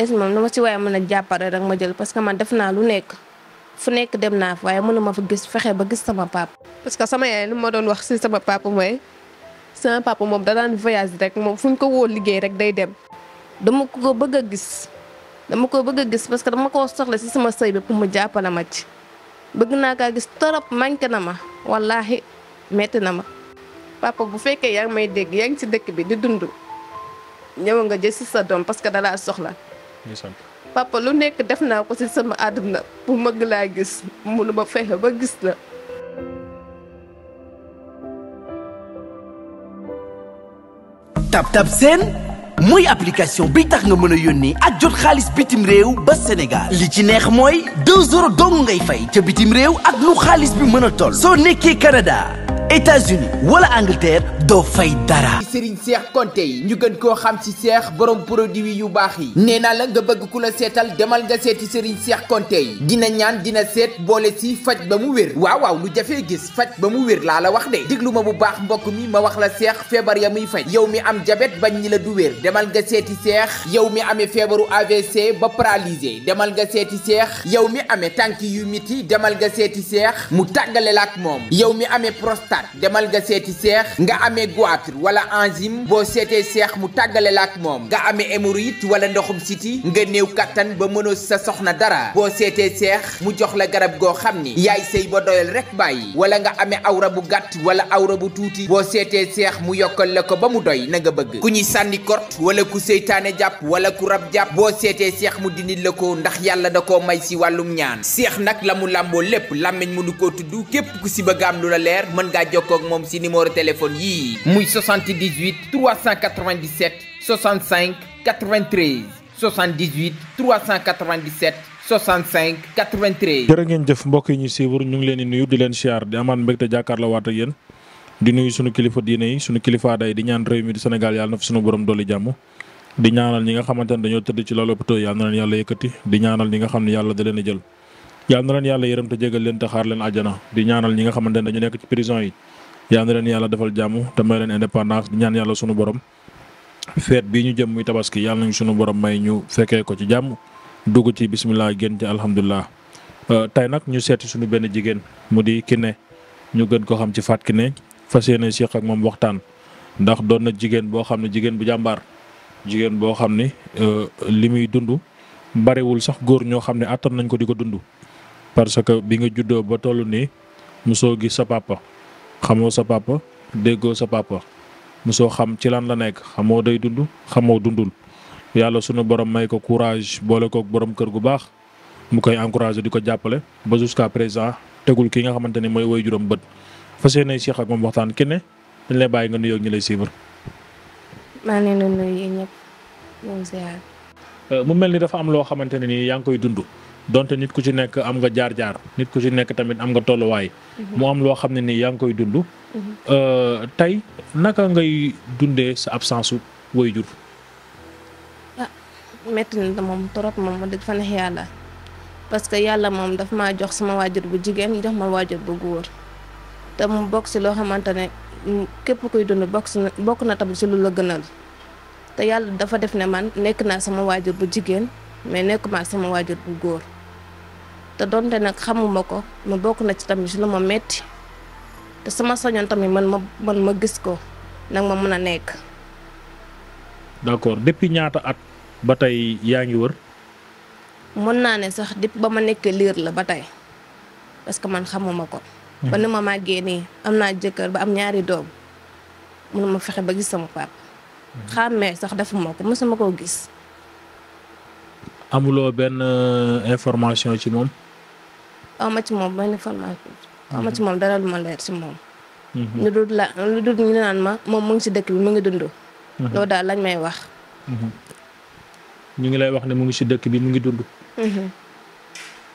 es moom na ma si waaye mën a jàppale rek ma jël parce que man def naa lu nekk fu nekk dem naa fa waaye a ma fa gis fexe ba gis sama papa. parce que sama yaay lu ma doon wax si sama papa mooy sama papa moom da daan voyage rek moom fu ñu ko woo liggéey rek day dem. dama ko bëgg gis dama ko bëgg gis parce que dama koo soxla si sama sëy bi pour mu jàppale ma ci bëgg naa kaa gis torop manqué na ma wallaahi metti na ma. papa bu fekkee yaa may dégg yaa ngi ci dëkk bi di dund ñëw nga jël si sa doom parce que da laa soxla. ñu sant papa lu nekk def naa ko ci sama àdduna bu mëgg laa gis mënuma fexe ba gis la tab tab seen mooy application bi tax nga mën a yónnee ak jot xaalis bitim réew ba Sénégal li ci neex mooy 2 euros dong ngay fay ca bitim réew ak lu xaalis bi mën a toll soo nekkee Canada États-Unis wala Angleterre doo fay dara. Serigne Cheikh Konte yi ñu gën koo xam ci Cheikh borom produit yu baax yi nee naa la nga bëgg ku la seetal demal nga seeti Serigne Cheikh Konte yi dina ñaan dina seet boole si faj ba mu wér waaw waaw lu jafee gis faj ba mu wér laa la wax ne diglu ma bu baax mbokk mi ma wax la seex feebar ya muy faj yow mi am jabet bañ ñi la du wér demal nga seeti Cheikh yow mi amee feebaru AVC ba paralysé demal nga seeti Cheikh yow mi amee tànk yu miti demal nga seeti Cheikh mu tàggale la ak moom amee goitre wala enzyme boo seetee seex mu tàggale la ak moom nga amee hémorroïde wala ndoxum siti nga néew kattan ba mënoo sa soxna dara boo seetee seex mu jox la garab goo xam ni yaay sëy ba doyal rek bàyyi wala nga amee awra bu gàtt wala awra bu tuuti boo seetee seex mu yokkal la ko ba mu doy na nga bëgg ku ñuy sànni kort wala ku seytaane jàpp wala ku rab jàpp boo seetee seex mu dindi la ko ndax yàlla da koo may si wàllum ñaan seex nag la mu làmboo lépp la leer mën ngaa yi muy 78 397 65 93 78 397 65 93. jërë ngeen jëf mbokk yi ñu siiwur ñu ngi leen di nuyu di leen siyaar di amaat mbégte jàkkaarloo waat ak yéen di nuyu sunu kilifa diine yi sunu kilifa aada yi di ñaan réew mi di Sénégal yàlla na fi sunu borom dolli jàmm. di ñaanal ñi nga xamante ne dañoo tëdd ci loolu hôpital yàlla na leen yàlla yëkkati di ñaanal ñi nga xam ne yàlla da leen a jël yàlla na leen yàlla yërëm te leen te xaar leen àjjana di ñaanal ñi nga xamante ne dañu nekk ci prison yi yaa na leen yàlla defal jàmm te may leen indépendance ñaan yàlla sunu borom feet bii ñu jëm muy tabaski yàlla nañu sunu borom may ñu fekkee ko ci jàmm dugg ci bisimilah génn ci alhamdulilah. Euh, tey nag ñu seeti suñu benn jigéen mu di Kiné ñu gën ko xam ci Fatou Kiné fas yéene Cheikh ak moom waxtaan ndax doon na jigéen boo xam ne jigéen bu jàmbaar jigéen boo xam ne euh, li muy dund bariwul sax góor ñoo xam ne attan nañ ko di ko dund parce que bi nga juddoo ba toll nii mosoo gis sa papa. xamoo sa papa déggoo sa mu soo xam ci lan la nekk xamoo day dund xamoo dundul yàlla sunu borom may ko courage boole kook borom kër gu baax mu koy encouragé di ko jàppale ba jusqu'à présent tegul ki nga xamante ne mooy woy juróom bët fas yéene Cheikh ak moom waxtaan ki ne dañ lay bàyyi nga nuyoo ak ñu lay suivre. maa ngi mu mel ni dafa am loo xamante ne nii yaa ngi koy dund. donte nit ku ci nekk am nga jaar-jaar nit ku ci nekk tamit am nga tolluwaay. Mhm. mu am loo xam ne nii yaa ngi koy dund. Mhm. Euh, tey naka ngay dundee sa absence su waajur. ah métti na moom trop moom ma dëgg fa neex parce que yàlla moom daf maa jox sama waajur bu jigéen jox ma waajur bu góor te mu bokk si loo xamante ne mm, képp kuy dund bokk si bokk na tamit si lu la gënal te yàlla dafa def ne man nekk naa sama waajur bu jigéen mais nekkuma sama waajur bu góor. te donte nag xamuma ko ma bokk na ci tamit lu ma metti te sama sañoon tamit man ma man ma gis ko nag ma mën a nekk. d'accord depuis ñaata at ba tey yaa ngi wër. mën naa ne sax depuis ba ma nekkee liir la ba tey parce que man xamuma ko. ba mhm. ni ma màggee nii am naa jëkkër ba am ñaari doom mënuma fexe ba gis sama pap mhm. xàmmee sax defuma ko mësuma koo gis. amuloo benn euh, information ci moom. aw ma moom benn information. aw ma ci si moom. Mhm. Mhm. moom mu ngi si dëkk bi mu ngi dund. Mhm. daal lañ may wax. ñu ngi lay wax ne mu ngi si dëkk bi mu ngi dund.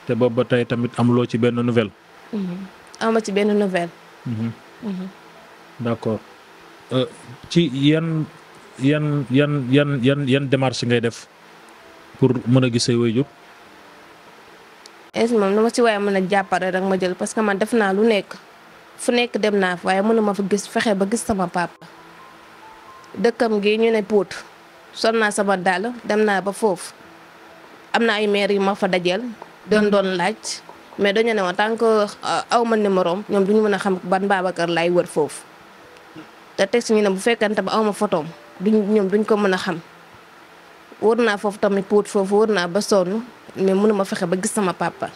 te boobu tey tamit amuloo ci benn nouvelle. aw benn nouvelle. d' accord euh, ci yan yan yan yan yan yan démarche ngay def pour mën a gis say es moom nu ma si waaye mën a jàppale rek ma jël parce que man def naa lu nekk fu nekk dem naa fa waaye mënuma fa gis fexe ba gis sama papa dëkkam gi ñu ne Pout sol naa sama dàll dem naa ba foofu am na ay maire yu ma fa dajeel doon doon laaj mais dañu ne ma tant que euh, aw ma numéro ñoom du mën a xam ban Babacar laay wër foofu te teg ñu ne bu fekkante ba aw ma photoom duñ ñoom duñ ko mën a xam wër naa foofu tamit Pout foofu wër naa ba sonn. mais ma fexe ba gis sama papa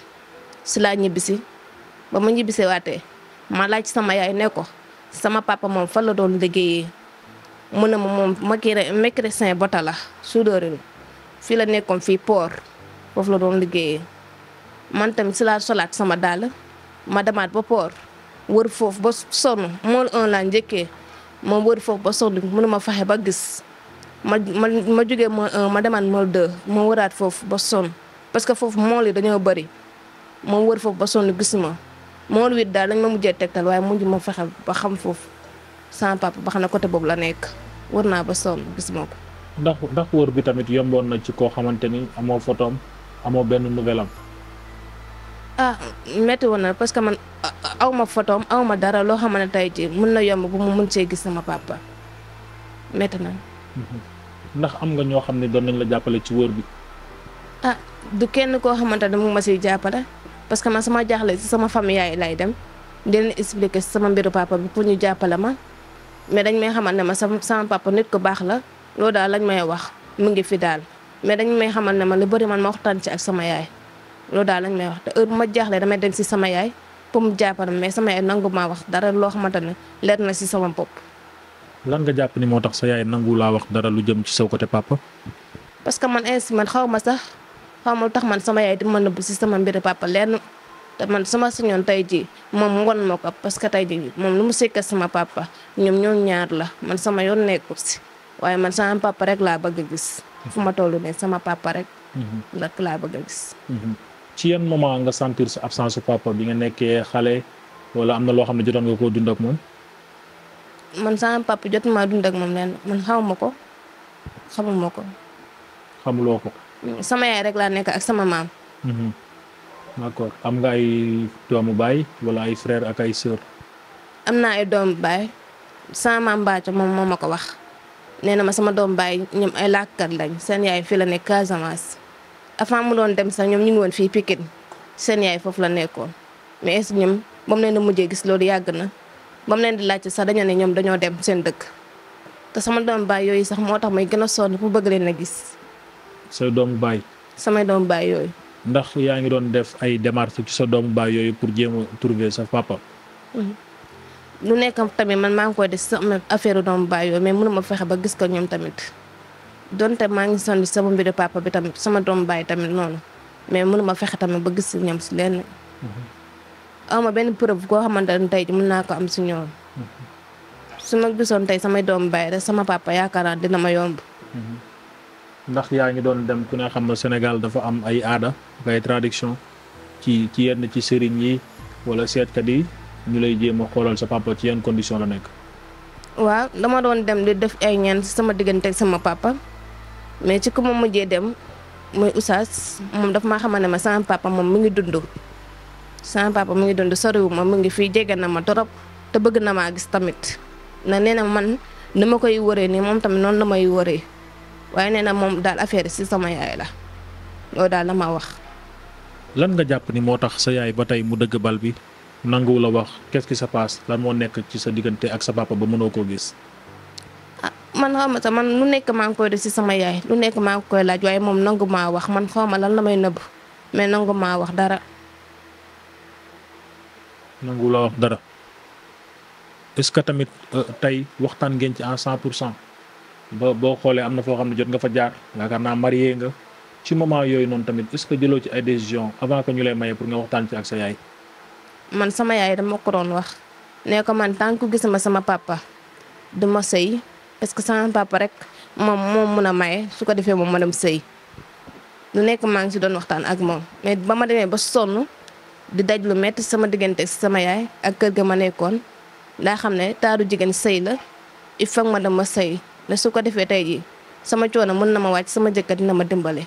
si laa ñibbisi ba ma ñibbisee waatee ma laaj sama yaay ne ko sama papa moom fa la doon liggéeyee mu ne ma moom mécanicien bota la soudeur fii la nekkoon fii port foofu la doon liggéeyee man tamit si laa solaat sama dàll ma demaat ba poor wër foofu ba sonn mool un ma wër foofu ba sonn mënuma ba gis ma ma ma jógee mool un ma demaat mool deux ma wëraat foofu ba sonn parce que foofu mool yi dañoo bari moom wër foofu ba sonn ma mool wit daal dañ ma mujjee tegtal waaye mujj ma fexe ba xam foofu sans papa ba xam ne côté boobu la nekk wër naa ba sonn gisuma ko. ndax ndax wër bi tamit yomboon na ci koo xamante ni amoo photom amoo benn nouvelle am. ah métti woon na parce que man aw ma photom aw ma dara loo xam ne tey jii mën na yomb bu mu mën see gis sama papa métti na. Mm-hmm. ndax am nga ñoo xam ne doon nañ la jàppale ci wër bi. Ah, du kenn koo xamante ne mu ma siy jàppale parce que man sama jaaxle si sama famille yaay lay dem di leen expliquer si sama mbiru papa bi pour ñu jàppale ma mais dañ may xamal ne ma sama sama papa nit ko baax la loolu daal lañ may wax mu ngi fi daal mais dañ may xamal ne ma lu bari man ma waxtaan ci ak sama yaay loolu daal lañ may wax te heure ma jaaxlee damay dem si sama yaay pour mu jàppale mais sama yaay nangu maa wax dara loo xamante ne leer na si sama bopp. lan nga jàpp ni moo tax sa yaay nangu laa wax dara lu jëm ci sa côté papa. parce xaw ma tax man sama yaay di ma nëbb si sama mbiri papa lenn te man sama sañoon tey jii moom won ma ko parce que tey jii moom lu mu sekkal sama papa ñoom ñoom ñaar la man sama yoon nekkul si waaye man sama papa rek laa bëgg gis. fu ma toll ne sama papa rek. Mhm. rek laa bëgg a gis. Mhm. ci yan moment nga sentir sa absence su papa bi nga nekkee xale wala am na loo xam ne jotoon nga koo dund ak moom. man sama jot jotuma dund ak moom lenn man xaw ma ko xamuma ko. xamuloo ko. Mm. sama yaay rek laa nekk ak sama maam. Mhm. d'accord am nga ay doomu baay wala ay frère ak ay sœur. am naa ay doomu baay sama maam Mbathio moom ma ko wax nee na ma sama doomu baay ñoom ay laakkat lañ seen yaay fii la nekk Casamance avant mu doon dem sax ñoom ñu ngi woon fii Pikine seen yaay foofu la nekkoon mais est-ce que ñoom ba mu leen di mujjee gis loolu yàgg na ba mu leen di laajte sax dañoo ne ñoom dañoo dem seen dëkk te sama doomu baay yooyu sax moo tax may gën a sonn pour bëgg leen a gis. sa doomu baay. samay doomu baay yooyu. ndax yaa ngi doon def ay démarches ci sa doomu baay yooyu pour jéem a trouver sa papa. Mhm. lu nekk tamit man maa ngi koy def sama affaire doomu baay yooyu mais mënuma fexe ba gis ko ñoom tamit donte maa ngi sonn sama mbiru papa bi tamit sama doomu baay tamit noonu mais mënuma fexe tamit ba gis si ñoom si lenn. Mhm. aw ma benn preuve koo xamante ne tey mën naa ko am si ñoom. Mhm. su ma gisoon tey samay doomu baay rek sama papa yaakaar naa dina ma yomb. ndax yaa ngi doon dem ku ne xam na senegal dafa am ay aada ak ay tradition ci ci yenn ci sëriñ yi wala seetkat yi ñu lay jéem a xoolal sa papa ci yenn condition la nekk. waaw dama doon dem di def ay ñaan sama diggante ak sama papa mais ci ku ma mujjee dem muy Oustaz moom dafa ma xamal ne ma sama papa moom mu ngi dund. sama papa mu ngi dund soriwu ma mu ngi fii jege na ma torop te bëgg na maa gis tamit na nee na man ni ma koy wëree nii moom tamit noonu la may wëree. waaye nee na moom daal affaire si sama yaay la loolu daal la ma wax. lan nga jàpp ni moo tax sa yaay ba tey mu dëgg bal bi nanguwu la wax qu'est-ce sa se lan moo nekk ci sa diggante ak sa papa ba mënoo koo gis. ah man xaw ma man lu nekk maa ngi koy def si sama yaay lu nekk maa ngi koy laaj waaye moom nangu maa wax man xaw ma lan la may nëbb mais nangu maa wax dara. nangu dara est que tamit euh, tey waxtaan ngeen ci à 100 pour cent ba boo xoolee am na foo xam ne jot nga fa jaar yaakaar naa marié nga ci moment yooyu noonu tamit est-ce que jëloo ci ay décision avant ko ñu lay maye pour nga waxtaan ci ak sa yaay. man sama yaay dama ko doon wax ne ko man tant que gisuma sama papa du ma sëy parce que sama papa rek moom moom mun a maye su ko defee moom ma dem sëy lu nekk maa ngi si doon waxtaan ak moom mais ba ma demee ba sonn di daj lu métti sama diggante si sama yaay ak kër ga ma nekkoon daa xam ne taaru jigéen sëy la il faut ma dem ma sëy la su ko defee tey jii sama coono mën na ma wàcc sama jëkkër dina ma dimbale.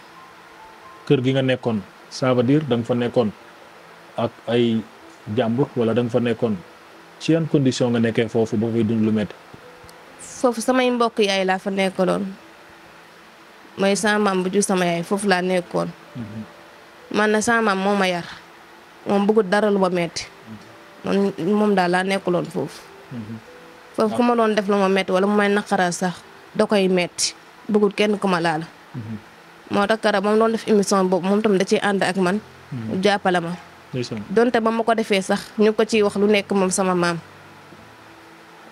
kër gi nga nekkoon ça veut dire da nga fa nekkoon ak ay jàmbur wala da nga fa nekkoon ci yan condition nga nekkee foofu ba fay dund lu métti. foofu samay mbokk yaay laa fa nekkaloon mooy sama maam bu ju sama yaay foofu laa nekkoon. Mhm. man na sama maam moo ma yar moom bëggut dara lu ma metti man moom daal laa nekkuloon foofu. Mhm. foofu ku ah. doon def lu ma metti wala mu may naqara sax. da koy metti bëggul kenn ku ma laal. Mm-hmm. moo tax kara moom doon def émission boobu moom tam da ciy ànd ak man. Mm-hmm. jàppale ma. donte ba ma ko defee sax ñu ko ciy wax lu nekk moom sama maam.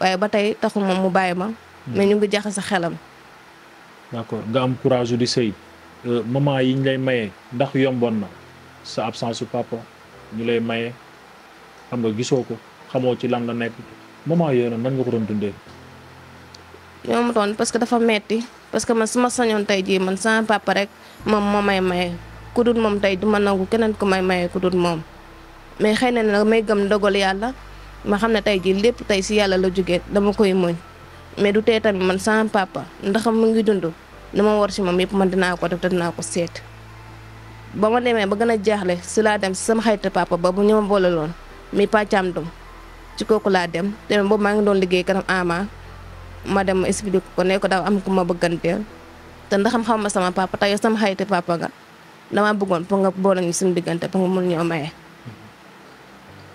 waaye ba tey taxul mu bàyyi ma. Mm-hmm. mais ñu ngi sa xelam. d'accord nga am di sëy euh, moment yi ñu lay mayee ndax yomboon na sa absence su papa ñu lay maye xam nga gisoo ko xamoo ci lan la nekk moment yooy na nan nga ko doon dundee. yombutoon parce que dafa metti parce que man su ma sañoon tey jii man sama papa rek moom moo may maye ku moom tey du ma nangu keneen ku may maye ku moom mais xëy na nag may gëm ndogol yàlla ma xam ne tey jii lépp tey si yàlla la jógee dama koy muñ mais du tee tamit man sama papa ndax mu ngi dund dama war si moom yëpp man dinaa ko def te dinaa ko seet ba ma demee ba gën a jaaxle si laa dem si sama xarit papa ba bu ñu boole loon mi pàccaam dum ci kooku laa dem te maa ngi doon liggéey kanam ama ma dem ma expliqué ko nekk ko am ku ma bëgganteel te ndax xam ma sama papa tey sama xayte papa nga damaa bëggoon pour nga boole ñu suñu diggante pour nga mun ñoo maye.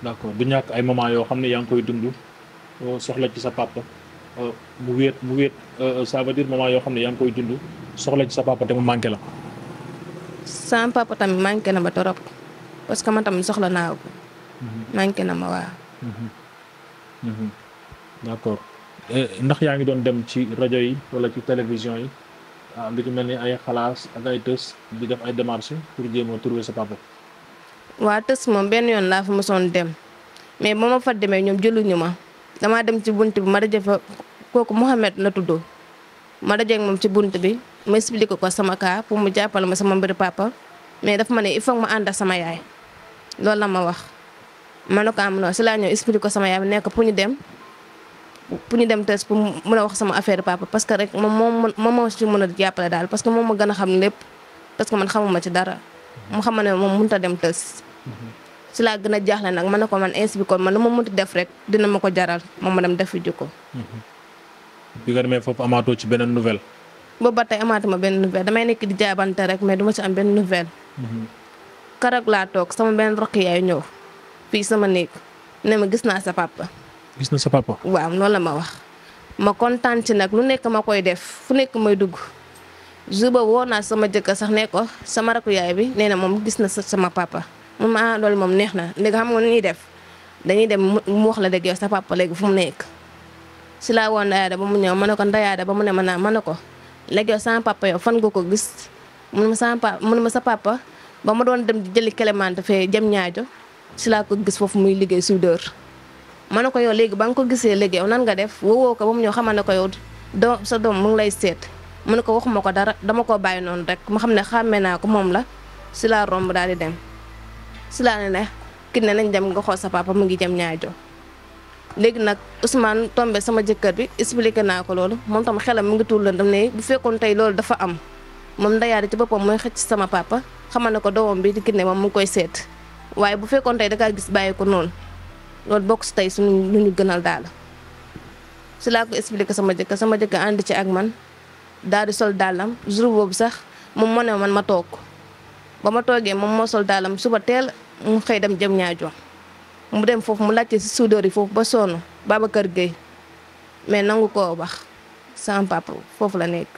d'accord bu ñàkk ay moment yoo xam ne yaa ngi koy dund euh, soxla ci sa papa euh, mu wéet mu wéet euh, ça veut dire yoo xam ne yaa ngi koy dund soxla ci sa papa te mu manqué la. sama papa tamit manqué na ma torop parce que man tamit soxla naa ko. Mhm. manqué na ma waaw. Mhm. Mhm. Eh, ndax yaa ngi doon dem ci rajo yi wala ci télévision yi ah, li ci mel ni ay xalaas ak ay tës di def ay démarches pour jéem a sa papa. waa tës moom benn yoon laa fa mosoon dem mais ba ma fa demee ñoom jëluñu ma damaa dem ci bunt bi ma daje fa kooku Mouhamed la tudd ma dajeeg moom ci bunt bi ma expliqué ko sama cas pour mu jàppale ma sama mbiri papa mais daf ma ne il faut ma ànd ak sama yaay loolu la ma wax ma ne ko am ah, na si laa ñëw expliqué ko sama yaay bi nekk pour ñu dem. pour ñu dem test pour mën a wax sama affaire papa parce que rek moom moom moom moo ci mën a jàppale daal parce que moom ma gën a xam lépp parce que man xamuma ci dara mu xam ne moom mënut a dem test. si laa gën a jaaxle nag man ne ko man insi bi kon man ma mënut def rek dina ma ko jaral moom ma dem defi ji ko. bi nga demee foofu ci beneen nouvelle. boobu ba tey amaatuma benn nouvelle damay nekk di jaabante rek mais duma ci am benn nouvelle. karag laa toog sama benn rakk yaay ñëw fii sama néeg ne ma gis naa sa papa. gis na sa papa. waaw noonu la ma wax ma kontaan ci nag lu nekk ma koy def fu nekk may dugg jour ba woo naa sama jëkkër sax ne ko sama rakku bi nee na moom gis na sa sama papa ma ah, loolu moom neex na léegi xam ñuy def dañuy dem mu wax la dëgg sa papa léegi fu mu nekk. si laa woon Ndayaada ba mu ñëw ma ne ko ba mu ne ma naa ma ne ko léegi yow sama fan nga ko gis mun ma sama ma sa papa ba ma doon dem di jëli Kélémante fee jëm ñaajo si laa ko gis foofu muy liggéey soudeur. ma ne ko yow léegi ba nga ko gisee léegi yow nan nga def woowoo ko ba mu ñëw xamal ne ko yow doom sa doom mu ngi lay seet mu ne ko waxuma ko dara dama ko bàyyi noonu rek ma xam ne xàmmee naa ko moom la si laa romb daal di dem si laa ne ne kii ne nañ dem nga sa papa mu ngi jëm ñaajo léegi nag Ousmane tombé sama jëkkër bi expliqué naa ko loolu moom tam xelam mu ngi tuul lan dam ne bu fekkoon tey loolu dafa am moom ndayaari ci boppam mooy xëcc sama papa xamal ne ko doom bi di kinne moom mu ngi koy seet waaye bu fekkoon tey da kaa gis bàyyi ko noonu loolu bokk si tey suñu lu ñu gënal daal si laa ko expliqué sama jëkk sama jëkk ànd ci ak man daal di sol dàllam jour boobu sax moom moo ne man ma toog ba ma toogee moom moo sol dàllam suba teel mu xëy dem jëm ñaajo mu dem foofu mu laajte si soudeur yi foofu ba sonn Babacar Gueye mais nangu ko wax sans foofu la nekk.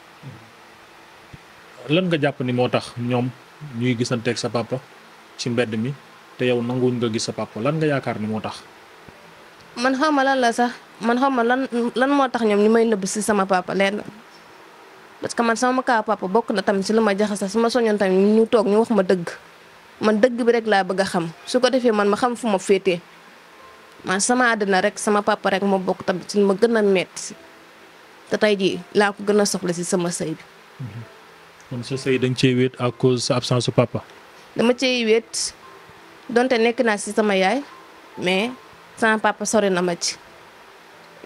lan nga jàpp ni moo tax ñoom ñuy gisanteeg sa papa ci mbedd mi te yow nanguwuñ nga gis sa papa lan nga yaakaar ni moo tax. man xaw ma lan la sax man xaw ma lan lan moo tax ñoom ñu may nëbb si sama papa lenn parce que man sama kaa papa bokk na tamit si lu ma jaxase su ma soñoon tamit ñu toog ñu wax ma dëgg man dëgg bi rek laa bëgg a xam su ko defee man ma xam fu ma féetee man sama àddina rek sama papa rek moo bokk tamit ci lu ma gën a metti si te tey jii laa ko gën a soxla si sama sëy bi. Mm-hmm. kon sa sëy da nga cee wéet à cause sa absence su papa. dama cee wéet donte nekk naa si sama yaay mais. sama papa sori na ma ci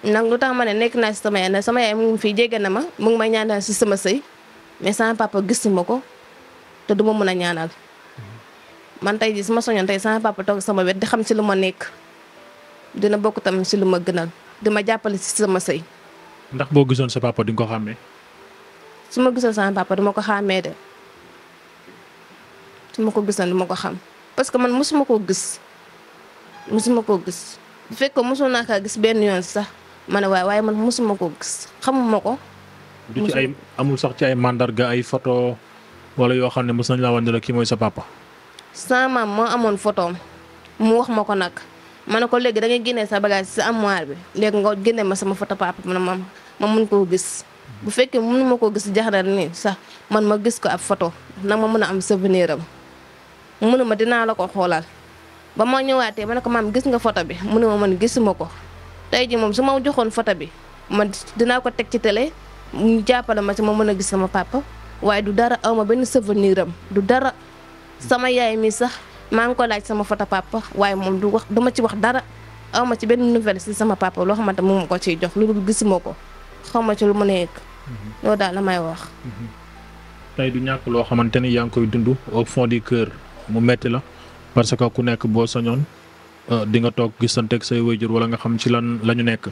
nag lu tax ma ne nekk naa si sama yaay sama yaay mu fii jege na ma mu ngi may ñaanal si sama sëy mais sama papa gisuma ko te du ma mën a ñaanal man tey jii su ma soñoon tey sama papa toog sama wet di xam si lu ma nekk dina bokk tam si lu ma gënal di ma jàppale si sama sëy. ndax boo gisoon sa papa di ko xàmmee. su ma gisoon sama papa duma ko xàmmee de ma ko gisoon duma ko xam parce que man suma koo gis mosuma koo gis. bu fekkee mosoon naa kaa gis benn yoon sax ma ne waaye waaye man mosuma koo gis xamuma ko. du ci ay amul sax ci ay mandarga ay photo wala yoo xam ne mos nañ laa wan ne la kii mooy sa papa. sama maam moo amoon photo mu wax ma ko nag ma ne ko léegi dangay génne génnee sa bagage sa armoire bi léegi nga génne ma sama photo papa ma ne ma ma mun koo gis. bu fekkee mënu ma koo gis jaxaral ni sax man ma gis ko ab photo nag ma mën a am souvenir am mënu ma dinaa la ko xoolal. ba moo ñëwaatee ma ne ko maam gis nga foto bi mu ne ma man gisuma ko tey ji moom su ma joxoon foto bi ma dinaa ko teg ci télé ñu jàppale ma ci ma mën a gis sama papa waaye du dara awma benn souvenir am du dara sama yaay mi sax maa ngi ko laaj sama photo papa waaye moom du wax dama ci wax dara awma ci benn nouvelle si sama papa loo xamante mu ma ko ciy jox lu dul gisuma ko ma ci lu mu nekk mm-hmm. loolu daal la may wax mm-hmm. tey du ñàkk loo xamante ni yaa ngi koy dund au parce que ku nekk boo sañoon euh, di nga toog gisanteeg say wayjur wala nga xam ci lan la ñu nekk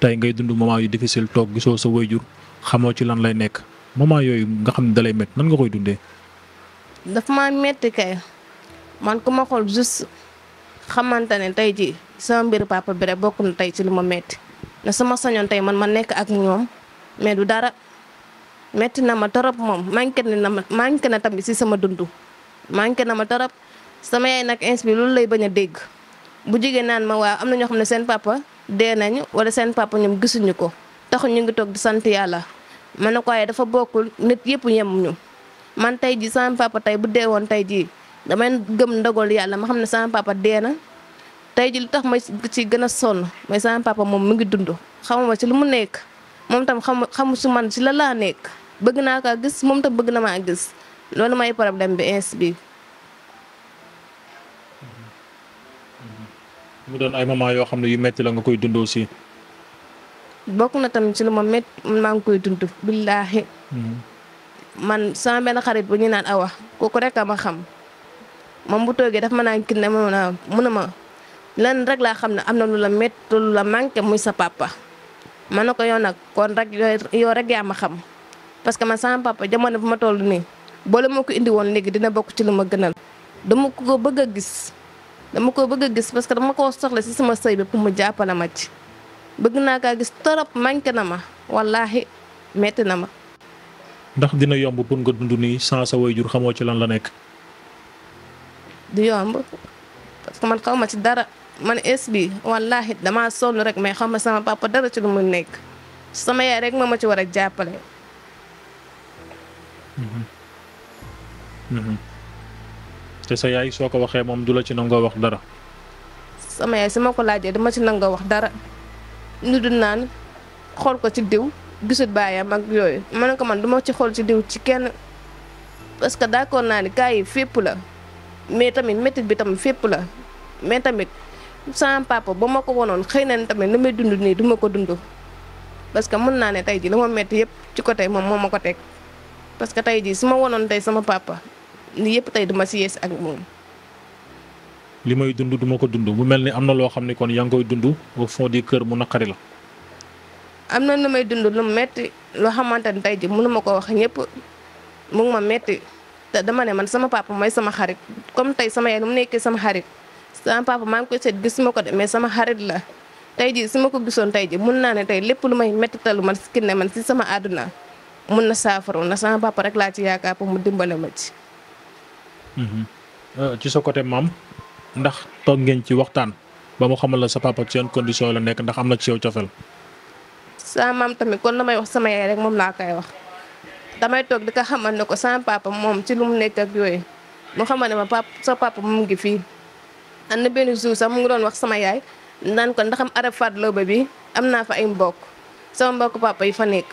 tey ngay dund moment yu difficile toog gisoo sa wayjur xamoo ci lan lay nekk moment yooyu nga xam ne dalay métti nan nga koy dundee. daf maa métti kay man ku xamante ne tey jii sama mbiru papa bi rek bokk na tey ci li ma métti sama sañoon man ma nekk ak ñoom mais du dara métti na ma torop moom manqué na ma manqué na tamit si sama dund manqué na ma torop. sama yaay nag ins bi loolu lay bañ a dégg bu jógee naan ma waa am na ñoo xam ne seen papa dee nañu wala seen papa ñoom gisuñu ko taxu ñu ngi toog di sant yàlla ma ne ko waaye dafa bokkul nit yëpp yemuñu man tey ji sama papa tey bu dee woon tey jii damay gëm ndogal yàlla ma xam ne sama papa dee na tey ji lu tax ma ci gën a sonn mooy sama papa moom mu ngi dund xamuma ci lu mu nekk moom tam xamu xamu su man ci la laa nekk bëgg naa kaa gis moom tam bëgg na maa gis loolu may problème bi ins bi mu doon ay moment yoo xam ne yu metti la nga koy dund aussi. bokk na tamit ci lu ma métti maa ngi koy dund billaahi. Mm-hmm. man sama benn xarit bu ñu naan a wax kooku rek a ma xam moom bu toogee daf ma naan kii ne ma naa mun ma lan rek laa xam ne am na lu la métti lu la manqué muy sa papa. ma ne ko yow nag kon rek yow rek yaa ma xam parce que man sama papa jamono bu ma toll nii boole moo ko indi woon léegi dina bokk ci lu ma gënal. dama ko bëgg a gis. dama koo bëgg a gis parce que dama koo soxla si sama sëy bi pour mu jàppale ma ci bëgg naa kaa gis torop manqué na ma wallaahi metti na ma. ndax dina yomb pour nga dund nii sans sa waajur xamoo ci lan la nekk. du yomb parce man xaw ma ci dara man es bi wallaahi damaa sonn rek mais xaw ma sama papa dara ci lu mu nekk sama yaay rek ma ma ci war a jàppale. Mhm. Mhm. te sa yaay soo ko waxee moom du la ci nangoo wax dara. sama yaay su ma ko laajee dama ci nangoo wax dara ñu du naan xool ko ci diw gisut baayam ak yooyu ma ne ko man duma ci xool ci diw ci kenn parce que d'accord naa ni cas yi fépp la mais tamit métit bi tamit fépp la mais tamit sama papa ba ma ko wonoon xëy na tamit li may dund nii duma ko dund parce que mën naa ne tey jii la ma metti yëpp ci côté moom moom ma ko teg parce que tey su ma wonoon tey sama lii yëpp tey duma ci yees ak moom. li may dund duma ko dund mu mel ni am na loo xam ne kon yaa ngi koy dund au fond du cœur mu naqari la. am na lu may dund lu metti loo xamante ne tey ji mënu ma ko wax ñëpp mu ngi ma metti te dama ne man sama papa mooy sama xarit comme tey sama yaay lu mu nekkee sama xarit sama maa ngi koy seet gisuma ko de mais sama xarit la. tey jii su ma ko gisoon tey jii mun naa ne tey lépp lu may méttitalu man si man si sama àdduna mun na saafara na sama papa rek laa ci yaakaar pour mu dimbale ma ci. Mhm. Euh, ci sa côté maam ndax toog ngeen ci waxtaan ba mu xamal la sa papa ak seen condition la nekk ndax am na ci yow cofeel sa maam tamit kon damay wax sama yaay rek moom naa koy wax damay toog di ko xamal ne ko sama papa moom ci lu mu nekk ak yooyu mu xamal ne ma papa sa papa mu ngi fii am na benn jour sax mu ngi doon wax sama yaay ndax ko ndaxam Arafat Looba bi am naa fa ay mbokk sama mbokk papa yi fa nekk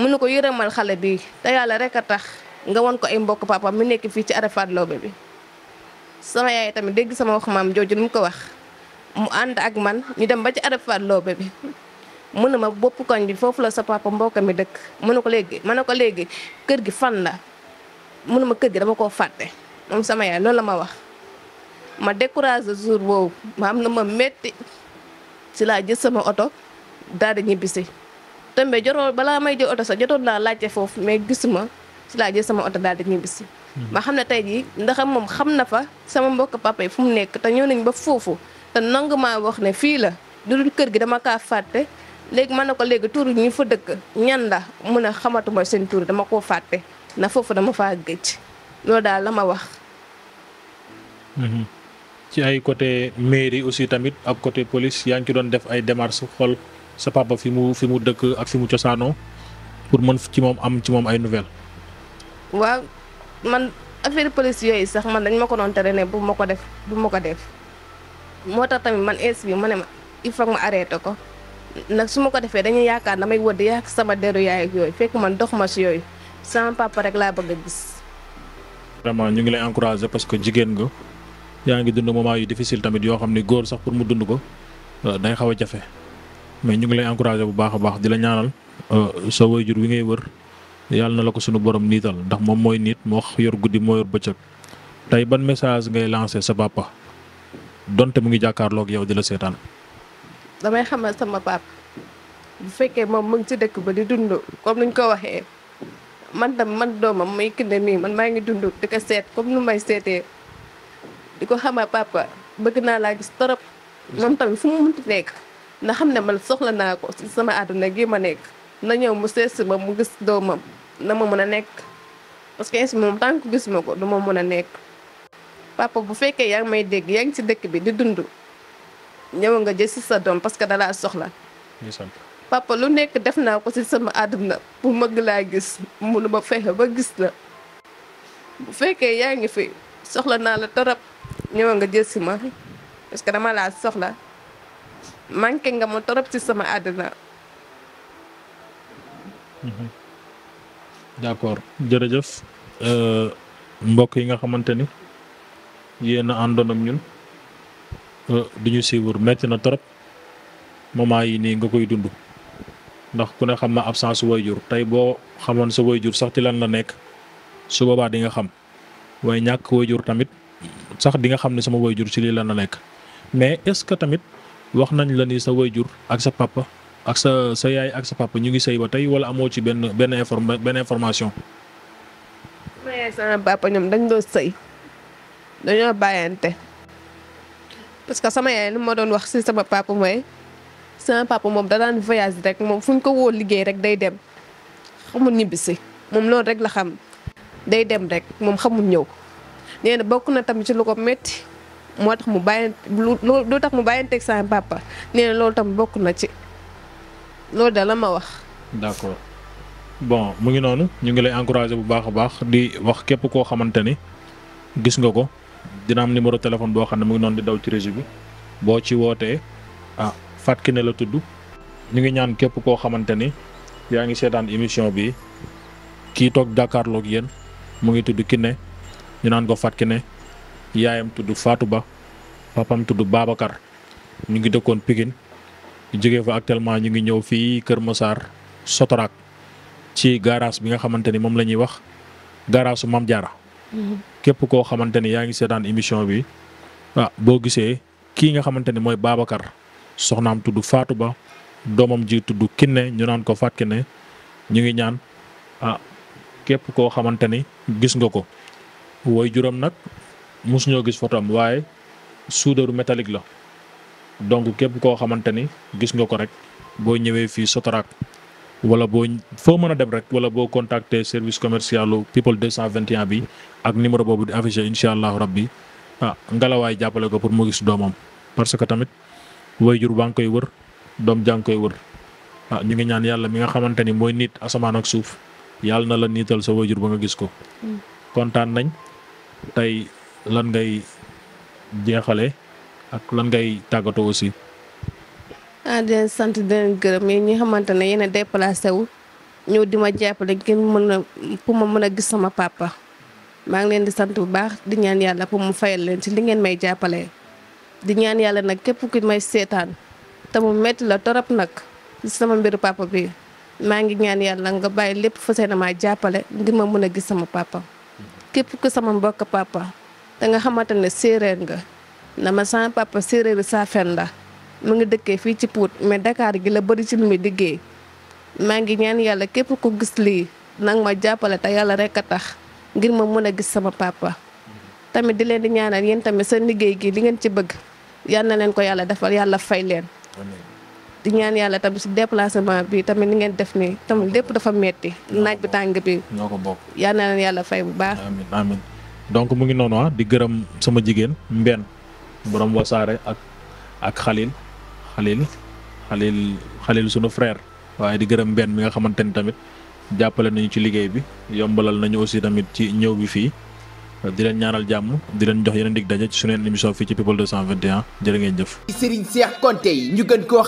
mënu ko yërëmal xale bi te yàlla rek a tax nga won ko ay mbokk papa mu nekk fii ci Arafat Lawbe bi sama yaay tamit dégg sama wax maam jooju nu mu ko wax mu ànd ak man ñu dem ba ci Arafat loobe bi mu ne ma bopp bi foofu la sa papa mbokk mi dëkk mu ne ko léegi ma ne ko léegi kër gi fan la mu ma kër gi dama koo fàtte moom sama yaay loolu la ma wax ma découragé jour boobu ma am na ma metti si laa jël sama oto daal di ñibbisi tembe joroo balaa may jël oto sax jotoon naa laajte foofu mais gisuma ci laa jël sama oto daal di ñibbisi ma xam ne tey jii ndaxam moom xam na fa sama mbokk papa yi fu mu nekk te ñëw nañ ba foofu te nangu maa wax ne fii la dudul kër gi dama kaa fàtte léegi man na ko léegi tuur ñu fa dëkk ñan la mun a xamatuma seen tuur dama koo fàtte na foofu dama faa gëj loolu daal la ma wax mhm. ci ay côté mairie aussi tamit ak côté police yaa ngi ci doon def ay démarches xool sa papa fi mu fi mu dëkk ak fi mu cosaanoo pour mën ci moom am ci moom ay nouvelles waaw man affaire police yooyu sax man dañ ma ko doon tere ne bu ma ko def bu ma ko def moo tax tamit man insi bi ma ne ma il faut ma arrêté ko nag su ma ko defee dañuy yaakaar damay wëdd yàq sama deru yaay ak yooyu fekk man dox ma si yooyu sama papa rek laa bëgg a gis. ñu ngi lay encouragé parce que jigéen ko yaa ngi dund moment yu difficile tamit yoo xam ni góor sax pour mu dund ko euh, day xaw a jafe mais ñu ngi lay encouragé bu baax a baax di la ñaanal euh, sa waajur wi ngay wër. yàlla na la ko suñu borom niital ndax moom mooy nit moo yor guddi moo yor bëccëg tey ban message ngay lancé sa papa donte mu ngi jàkkaarloog yow di la seetaan. damay xamal sama papa bu fekkee moom mu ngi ci dëkk ba di dund comme ni ñu ko waxee man tam man doomam muy Kinde mii man maa ngi dund di ko seet comme nu may seetee di ko xamal papa bëgg naa laa gis torop moom tamit fu mu munti nekk na xam ne ma soxla naa ko si sama àdduna gi ma nekk na ñëw mu seet si ma na ma mën a nekk parce que moom tànk que gisuma ko du ma mën a nekk papa bu fekkee yaa ngi may dégg yaa ngi ci dëkk bi di dund ñëw nga jël ci sa doom parce que dalaa soxla papa lu nekk def naa ko ci sama àdduna bu mëgg laa gis mënu ma fexe ba gis la bu fekkee yaa ngi fi soxla naa la torop ñëw nga jël ci ma parce que dama laa soxla manqué nga ma torop ci sama àdduna mhm. d'accord jërëjëf euh, mbokk yi nga xamante ni yéen a àndoon ak ñun euh, du ñu siiwur metti na trop moment yi nii nga koy dund ndax ku ne xam na absence su waajur tey boo xamoon sa jur sax ci lan la nekk su boobaa di nga xam waaye ñàkk waajur tamit sax di nga xam ne sama jur ci lii lan la nekk mais est-ce que tamit wax nañ la ni sa jur ak sa papa. ak sa sa yaay ak sa papa ñu ngi sëy ba tey wala amoo ci benn benn inform benn information. sama yaay sama papa ñoom dañ doon sëy dañoo bàyyante parce que sama yaay li ma doon wax si sama papa mooy sama papa moom da daan voyage rek moom fu ñu ko woo liggéey rek day dem xamul ñibbisi moom loolu rek la xam day dem rek moom xamul ñëw nee na bokk na tamit ci lu ko métti moo tax mu bàyyante lu tax mu bàyyanteeg sama papa nee na loolu tamit bokk na ci. loolu da la ma wax. d'accord bon mu ngi noonu ñu ngi lay encourager bu baax a baax di wax képp koo xamante ni gis nga ko dina am numéro téléphone boo xam ne mu ngi noonu di daw ci régie bi boo ci wootee ah Fatou Kiné la tudd ñu ngi ñaan képp koo xamante ni yaa ngi seetaan émission bi kii toog jàkkaarloog yéen mu ngi tudd Kiné ñu naan ko Fatou ne yaayam tudd faatu Ba papam tudd Babacar ñu ngi dëkkoon pikin jógee fa actuellement ñu ngi ñëw fii Kër mosaar Sotorak ci garage bi nga xamante ni moom la ñuy wax garage su Mame mhm. képp koo xamante ni yaa ngi seddaan émission bi ah boo gisee kii nga xamante ni mooy Babacar soxnaam tudd faatu Ba doomam ji tudd Kiné ñu naan ko Fat Kiné ñu ngi ñaan ah képp koo xamante ni gis nga ko woy juróom nag mosuñoo gis photo am waaye soudeur métallique la. donc képp koo xamante ni gis nga ko rek boo ñëwee fii Sotrac wala boo foo mën a dem rek wala boo contacter service commercial people 221 bi ak numéro boobu di affiché incha allahu bi ah ngalawaay jàppale ko pour mu gis doomam parce que tamit waajur baa ngi koy wër doom jaa ngi koy wër ah ñu ngi ñaan yàlla mi nga xamante ni mooy nit asamaan ak suuf yàlla na la niital sa jur ba nga gis ko mm. kontaan nañ tey lan ngay jeexale ak lan ngay tàggatoo aussi. ah sant di gërëm yéen ñi xamante ne yéen a sew wu ñëw di ma jàppale ngeen mën a pour ma mën a gis sama papa maa ngi leen di sant bu baax di ñaan yàlla pour mu fayal leen ci li ngeen may jàppale di ñaan yàlla nag képp ki may seetaan te mu metti la torop nag ci sama mbiru papa bi maa ngi ñaan yàlla nga bàyyi lépp fa seen maa jàppale ngir ma mën a gis sama papa képp ku sama mbokk papa da nga xamante ne séeréer nga. dama sama papa séeréeri saafen la mu ngi dëkkee fii ci Pout mais dakaar gi la bëri ci lu muy liggéey maa ngi ñaan yàlla képp ku gis lii nag ma jàppale te yàlla rek a tax ngir ma mën a gis sama papa. tamit di leen di ñaanal yéen tamit seen liggéey gi li ngeen ci bëgg yal na leen ko yàlla defal yàlla fay leen. di ñaan yàlla tamit si déplacement bi tamit ni ngeen def nii tamit lépp dafa metti naaj bi tàng bi. ñoo ko bokk yal leen yàlla fay bu baax. donc mu ngi noonu ah, di gërëm sama jigéen borom wasaare ak ak xalil xalil xalil xalil sunu frère waaye di gërëm mbenn mi nga xamante ni tamit jàppale nañu ci liggéey bi yombalal nañu aussi tamit ci ñëw bi fii di leen ñaanal jàmm di leen jox yeneen dig daje ci suneen émission fii ci People 221 jërë ngeen jëf Serigne Cheikh Konté yi ñu gën koo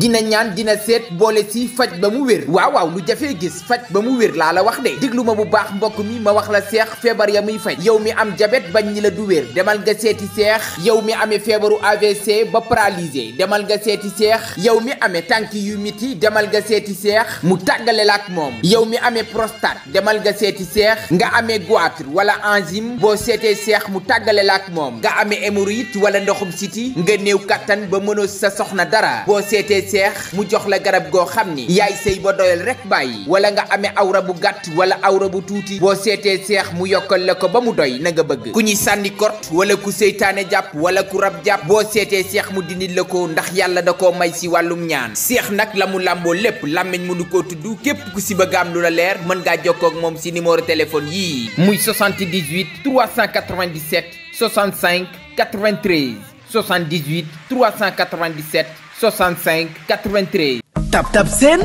dina ñaan dina seet boole si faj ba mu wér waaw waaw lu jafee gis faj ba mu wér laa la wax de déglu ma bu baax mbokk mi ma wax la seex feebar ya muy faj yaw mi am jabet bañ ñi la du wér demal nga seeti seex yow mi amee feebaru AVC ba paralysé demal nga seeti Cheikh yow mi amee tànk yu miti demal nga seeti Cheikh mu tànk tàggale la ak moom yow mi amee prostate demal nga seeti seex nga amee goitre wala enzyme boo seetee seex mu tàggale la moom nga amee hémorroïde wala ndoxum siti nga néew kattan ba mënoo sa soxna dara boo seetee seex mu jox la garab goo xam ni yaay sëy ba doyal rek bàyyi wala nga amee awra bu gàtt wala awra bu tuuti boo seetee seex mu yokkal la ko ba mu doy na nga bëgg ku ñuy sànni kort wala ku seytaane jàpp wala ku rab jàpp boo seetee seex mu dindi la ko ndax yàlla da koo may si wàllum ñaan seex nag la mu làmboo lépp làmmiñ mënu koo tudd tudd képp ku si bëgg am lu la leer mën ngaa jokkoo moom si numéro téléphone yii muy 78 397 65 93 78 397 65 93. Tap Tap Seen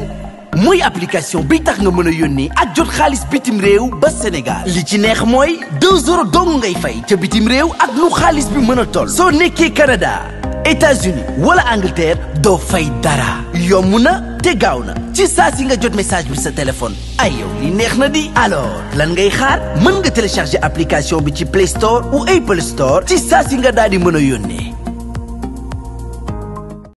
muy application bi tax nga mën a yónnee ak jot xaalis bitim réew ba Sénégal li ci neex mooy 2 euros dong ngay fay ca bitim réew ak lu xaalis bi mën a toll. soo nekkee Canada États-Unis wala Angleterre doo fay dara yomb na. te gaaw na ci saa si nga jot message bi sa téléphone ay yow li neex na di alors lan ngay xaar mën nga télécharger application bi ci Play Store ou Apple Store ci saa si nga daal di mën a yónnee